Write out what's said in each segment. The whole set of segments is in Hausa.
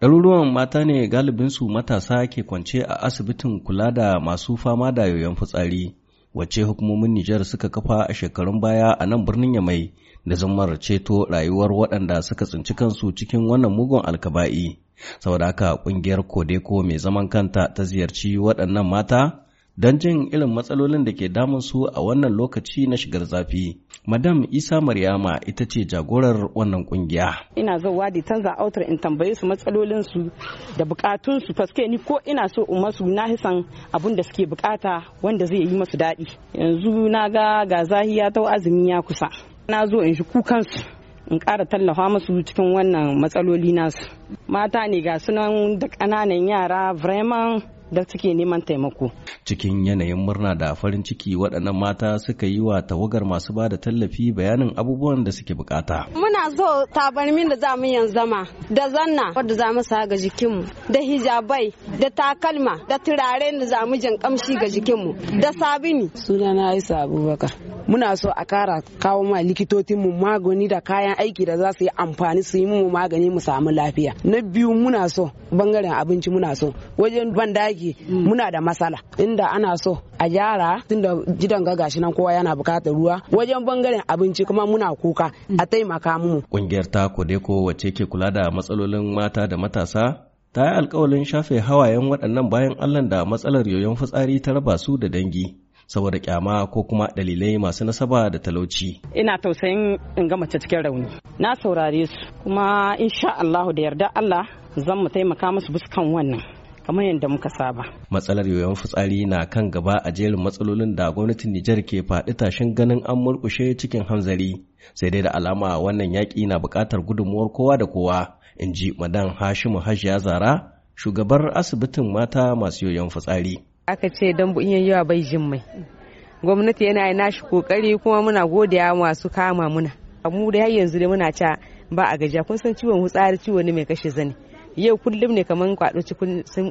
Ɗaruruwan mata ne galibinsu matasa ke kwance a asibitin kula da masu fama da yoyon fitsari, wacce hukumomin Nijar suka kafa a shekarun baya a nan birnin Yamai da zammar ceto rayuwar waɗanda suka tsinci kansu cikin wannan mugun alkaba'i. Saboda haka ƙungiyar Kodeko mai zaman kanta ta ziyarci waɗannan mata don jin irin matsalolin da ke damun su a wannan lokaci na shigar zafi. Madam Isa Maryama ita ce jagorar wannan kungiya. Ina zauwa da tanza autar in tambaye su matsalolin su da bukatun su faske ni ko ina so in masu na hisan abun da suke bukata wanda zai yi masu daɗi. Yanzu na ga ga zahiya ta azumi ya kusa. Na zo in shi kukansu in ƙara tallafa musu cikin wannan matsaloli nasu. Mata ne ga sunan da ƙananan yara vraiment da suke neman taimako. Cikin yanayin murna da farin ciki waɗannan mata suka yi wa tawagar masu ba da tallafi bayanin abubuwan da suke bukata. Muna so tabarmin da za mu zama da zanna wadda za mu sa ga jikinmu da hijabai da takalma da turare da za mu jin kamshi ga jikinmu da sabini. Sunana Aisha Abubakar. Muna so a kara kawo ma likitotinmu magani da kayan aiki da za su yi amfani su yi mu magani mu samu lafiya. Na biyu muna so bangaren abinci muna so wajen ban aiki muna da matsala inda ana so a gyara tunda gidan ga gashi nan kowa yana bukatar ruwa wajen bangaren abinci kuma muna kuka a taimaka mu kungiyar ta kodeko wacce ke kula da matsalolin mata da matasa ta yi alkawalin shafe hawayen waɗannan bayan allah da matsalar yoyon fitsari ta raba su da dangi saboda kyama ko kuma dalilai masu nasaba da talauci. Ina tausayin in ga mace cikin rauni. Na saurare su kuma insha Allahu da yarda Allah zan mu taimaka musu buskan wannan. kamar yadda muka saba. Matsalar yoyon fitsari na kan gaba a jerin matsalolin da gwamnatin Nijar ke faɗi tashin ganin an murƙushe cikin hanzari. Sai dai da alama wannan yaƙi na buƙatar gudunmuwar kowa da kowa, in ji Madan Hashimu Hajiya Zara, shugabar asibitin mata masu yoyon fitsari. Aka ce don buɗin yawa bai jin mai. Gwamnati yana yi nashi ƙoƙari kuma muna godiya masu kama muna. Mu da yanzu dai muna ca ba a gajiya kun san ciwon fitsari ciwo ne mai kashe zane. yau kullum ne kamar kwado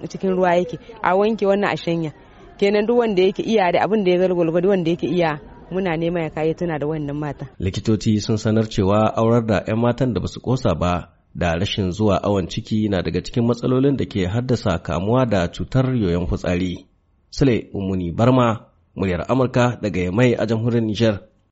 cikin ruwa yake a wanke wannan a shanya kenan duk wanda yake iya da abin da ya galgwalgwa duk wanda yake iya muna nema ya kayi tuna da wannan mata likitoci sun sanar cewa aurar da 'yan matan da basu kosa ba da rashin zuwa awon ciki na daga cikin matsalolin da ke haddasa kamuwa da cutar yoyon fitsari sule umuni barma muryar amurka daga mai a jamhuriyar Nijar.